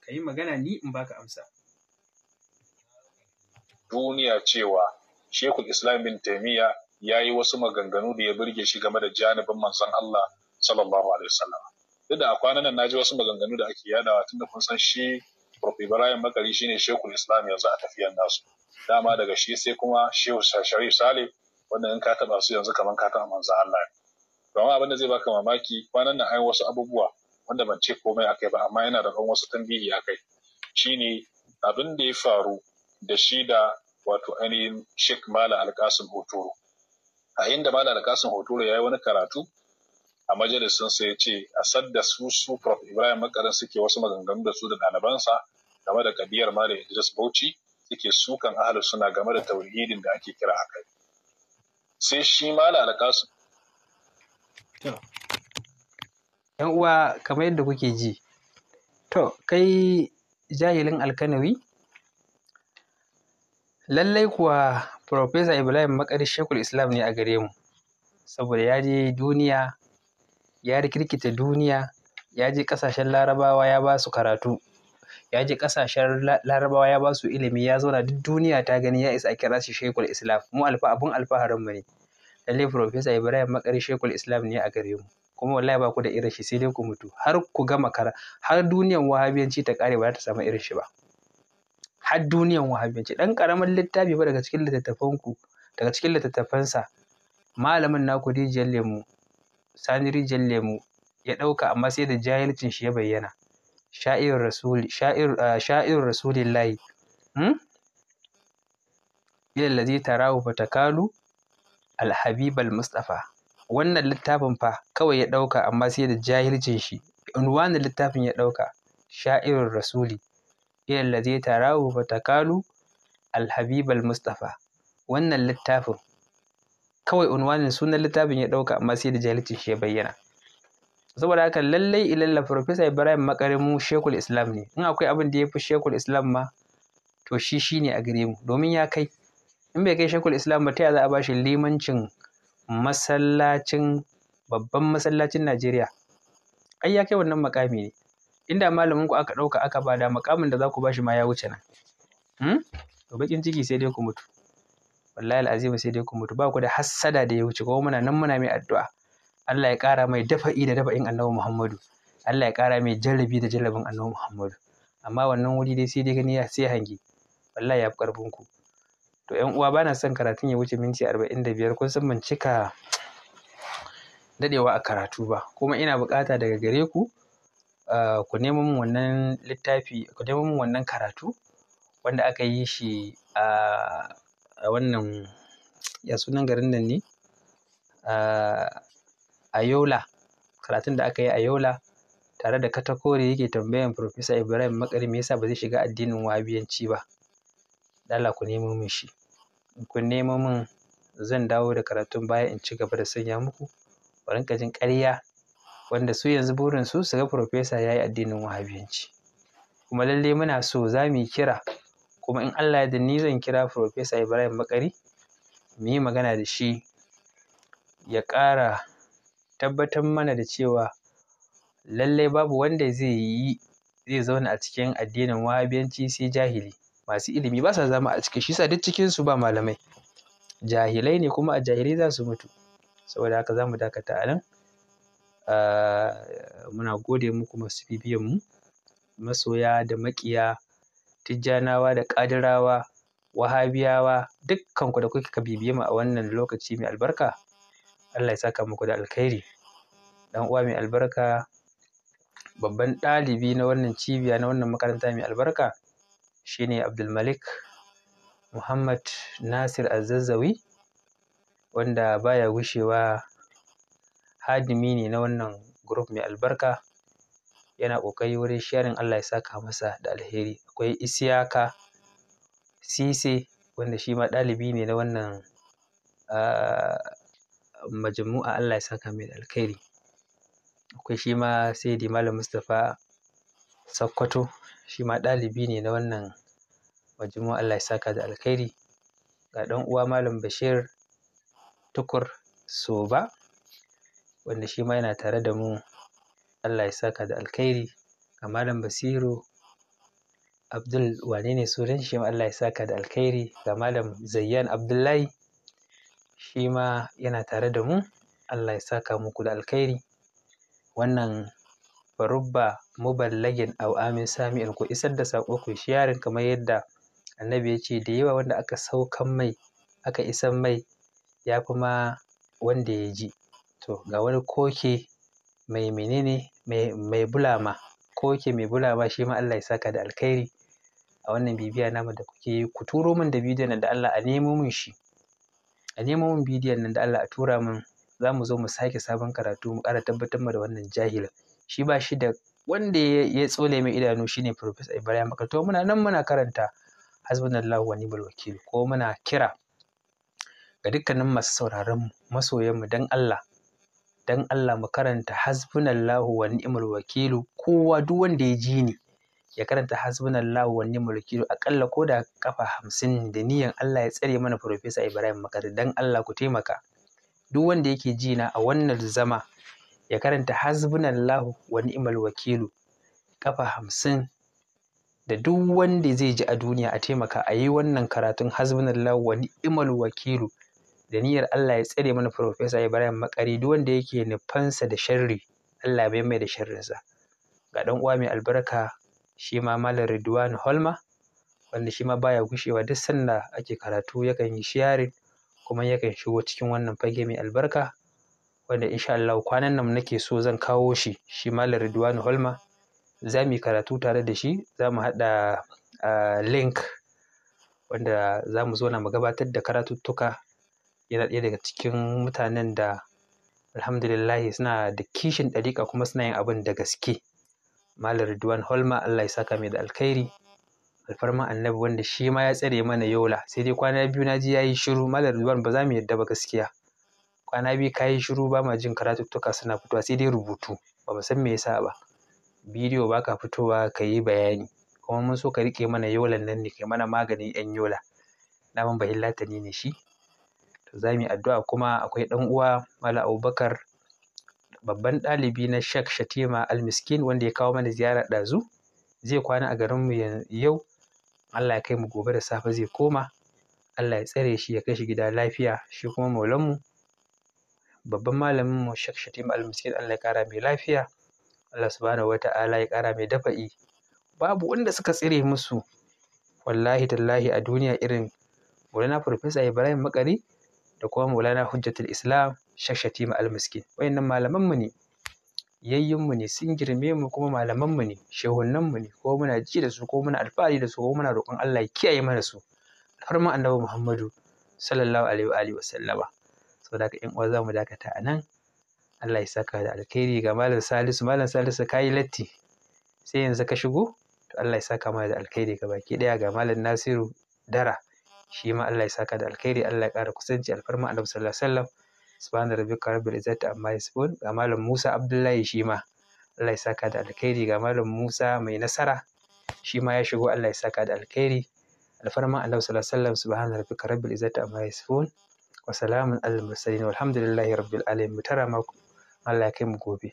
ka yi magana ni in baka amsa duniya cewa shekul islam bin taimiyya ya yi wasu maganganu da ya burge shi game da janibin manzon Allah sallallahu alaihi wasallam duk da a kwanan nan ji wasu maganganu da ake yadawa tunda kun san shi Prof. Ibrahim Bakari shine Shekul Islam yanzu a tafiyan nasu. Dama daga shi sai kuma Shehu Sharif Saleh wanda in ka taba su yanzu kamar ka taba manzo Allah ne. abin da zai baka mamaki kwanan nan ai wasu abubuwa wanda ban ce komai akai ba amma yana da ɗan wasu tambihi akai. Shine abin da ya faru da shi da wato ainihin Sheikh Mala Alkasim Hotoro. A inda Mala Alkasim Hotoro ya yi wani karatu a majalisun, sai ya ce a sadda su su prof ibrahim makarin suke wasu maganganu da su da ɗalibansa game da kabiyar mare idris bauchi suke sukan ahalus suna game da tauhidin da ake kira haka sai shi ma malam su. yan uwa kamar yadda kuke ji to kai jahilin alkanawi lallai kuwa Profesa Ibrahim Makari Shekul Islam ne a gare mu, saboda ya je duniya ya rikirkita duniya ya je ƙasashen larabawa ya ba su karatu ya je ƙasashen larabawa ya ba su ilimi ya zauna duk duniya ta gani ya isa a kira shi shekul islam mu alfa abun alfaharin mu ne lalle professor ibrahim makari shekul islam ne a gare mu kuma wallahi ba ku da irin shi sai dai ku mutu har ku gama kara har duniyar wahabiyanci ta kare ba za ta samu irin shi ba har duniyar wahabiyanci dan karamin littafi ba daga cikin ku daga cikin littattafansa malamin naku dijiyar lemu Sani Rijiyar Lemo ya ɗauka amma sai da jahilcin shi ya bayyana. Sha'ir Rasuli, sha'ir ah, Rasulillahi. Hmm? Ilal ladhi tarahu fatakalu al-habib al Wannan littafin fa kawai ya ɗauka amma sai da jahilcin shi. Unwanin littafin ya ɗauka sha'irin rasuli. Ilal ladhi tarahu fatakalu al-habib al Wannan littafin kawai unwanin sunan littafin ya ɗauka amma sai da jahilci shi ya bayyana saboda haka lallai ilalla Profesa Ibrahim Makarimu Shekul Islam ne in akwai abin da ya fi Shekul Islam ma to shi shi ne a gare mu domin ya kai in bai kai Shekul Islam ba ta yaya za a bashi limancin masallacin babban masallacin Najeriya ai ya kai wannan makami ne inda malamin ku aka ɗauka aka bada makamin da za ku bashi ma ya wuce nan hmm? to kin ciki sai dai ku mutu wallahi alazim sai dai ku mutu ba ku da hassada da ya wuce ko muna nan muna mai addu'a Allah ya kara mai dafa'i da dafa'in Annabi Muhammadu Allah ya kara mai jarrabi da jarrabin Annabi Muhammadu amma wannan wuri dai sai dai gani ya sai hangi wallahi ya fi karfin ku to ƴan uwa bana son karatun ya wuce minti arba'in da biyar kun san ban cika dadewa a karatu ba kuma ina bukata daga gare ku ah, ku nemo min wannan littafi ku nemo min wannan karatu wanda aka yi shi a ah, wannan ya sunan garin nan ne a Yola karatun da aka yi a Yola tare da Katakore yake tambayan Profesa Ibrahim Makari me yasa ba zai shiga addinin Wahabiyanci ba Allah ku nemo min shi ku nemo min zan dawo da karatun baya in ci gaba da sanya muku ku karya. ƙarya wanda su yanzu burin su su ga Profesa ya yi addinin Wahabiyanci kuma lallai muna so za mu yi kira kuma in Allah ya ni zan kira Profesa Ibrahim Bakari mu yi magana da shi ya ƙara tabbatar mana da cewa lallai babu wanda zai yi zai zauna a cikin addinin wahabiyanci sai jahili masu ilimi ba sa zama a ciki shi sa duk cikin su ba malamai jahilai ne kuma a jahilai za su mutu saboda haka za mu dakata a nan ah, muna gode muku masu bibiyan mu masoya da maƙiya Tijjanawa da Ƙadirawa, Wahabiyawa dukkanku da kuka bibiye mu a wannan lokaci mai albarka. Allah ya saka muku da alkhairi. Dan uwa mai albarka babban ɗalibi na wannan cibiya na wannan makaranta mai albarka shine Abdulmalik Muhammad Nasir Azzazawi wanda baya gushewa hadimi ne na wannan group mai albarka yana ƙoƙari wurin sharing Allah ya saka masa da alheri akwai Isiyaka Sise wanda shi ma ɗalibi ne na wannan ah, majmu'a Allah ya saka mai da alkhairi akwai shi ma Saidi Malam Mustapha Sakkwato shi ma ɗalibi ne na wannan majmu'a Allah ya saka da alkhairi ga ɗan uwa Malam Bashir Tukur Soba wanda shi ma yana tare da mu Allah ya saka da alkhairi ga Malam Basiru Abdul wane ne sunan shi Allah ya saka da alkhairi ga Malam Zayyan Abdullahi shi ma yana tare da mu Allah ya saka muku da alkhairi wannan barubba muballagin au amin sami ku isar da sako ku sharing kamar yadda annabi ya ce da yawa wanda aka saukan mai aka isan mai ya fi ma wanda ya ji to ga wani koke mai menene mai bulama ko yake mai bulama shi ma Allah ya saka da alkhairi a wannan bibiya namu da kuke yi ku turo min da bidiyon nan da Allah a nemo min shi a nemo min bidiyon nan da Allah a tura min za mu zo mu sake sabon karatu mu ƙara tabbatar da wannan jahilin shi ba shi da wanda ya tsole mai idanu shine Professor Ibrahim Bakar to muna nan muna karanta hasbunallahu wa ni'mal wakil ko muna kira ga dukkanin masu sauraron mu masoyan mu dan Allah dan Allah mu karanta hasbunallahu wa ni'mal wakilu kowa duk wanda ya ji ni ya karanta hasbunallahu wa ni'mal wakilu akalla ko da kafa hamsin da niyan Allah ya tsare mana Profesa Ibrahim Makari dan Allah ku taimaka duk wanda yake ji na a wannan zama ya karanta hasbunallahu wa ni'mal wakilu kafa hamsin da duk wanda zai ji a duniya a taimaka a yi wannan karatun hasbunallahu wa ni'mal wakilu da niyyar Allah ya tsare mana Profesa Ibrahim Makari duk wanda yake nufansa da sharri Allah ya mai da sharrinsa ga dan uwa mai albarka shi ma Malam Ridwan Holma wanda shi ma baya gushewa duk sanda ake karatu yakan yi sharing kuma yakan shigo cikin wannan fage mai albarka wanda insha Allah kwanan nan nake so zan kawo shi shi Malam Ridwan Holma za mu yi karatu tare da shi za mu haɗa ah, link wanda za mu zo na mu gabatar da karatuttuka yana ɗaya daga cikin mutanen da alhamdulillahi suna da kishin ɗariƙa kuma suna yin abin da gaske malam ridwan holma allah ya saka mai da alkhairi alfarma annabi wanda shi ma ya tsare mana yola sai dai kwana biyu na ji ya yi shiru malam ridwan ba za mu yadda ba gaskiya kwana biyu ka yi shiru ba ma jin karatuttuka suna fitowa sai dai rubutu ba mu san me yasa ba bidiyo ba ka fitowa ka yi bayani kuma mun so ka riƙe mana yolan nan ne kai mana maganin yan yola daman bahillatani ne shi za mu yi addu'a kuma akwai ɗan uwa Malam Abubakar babban ɗalibi na Sheikh Shatima Al-Miskin wanda ya kawo mana ziyara ɗazu zai kwana a garinmu yau Allah ya kai mu gobe da safe zai koma Allah ya tsare shi ya kai shi gida lafiya shi kuma maulanmu babban malamin mu Sheikh Shatima Al-Miskin Allah ya ƙara mai lafiya Allah subhanahu wata'ala ya ƙara mai dafa'i babu wanda suka tsire musu wallahi tallahi a duniya irin na Farfesa Ibrahim Makari da kuma Maulana Hujjatul Islam Sheikh Shatima Al-Miskin wayannan malaman mu ne yayyin mu ne sun girme mu kuma malaman mu ne shehunnan mu ne ko muna ji da su ko muna alfahari da su ko muna roƙon Allah ya kiyaye mana su farman Annabi Muhammadu sallallahu alaihi wa alihi wa sallama saboda haka ƴan uwa zamu dakata a nan Allah ya saka da alkhairi ga Malam Salisu Malam Salisu kayi latti sai yanzu ka shigo to Allah ya saka mana da alkhairi ga baki daya ga Malam Nasiru Dara shi ma Allah ya saka da alkhairi Allah ya ƙara kusanci alfarma annabi sallallahu alaihi wasallam subhana rabbika rabbil izzati amma yasifun ga malam Musa Abdullahi shi ma Allah ya saka da alkhairi ga malam Musa mai nasara shi ma ya shigo Allah ya saka da alkhairi alfarma annabi sallallahu alaihi wasallam subhana rabbika rabbil izzati amma yasifun wa salamun alal mursalin walhamdulillahi rabbil alamin mutara ma Allah ya kai mu gobe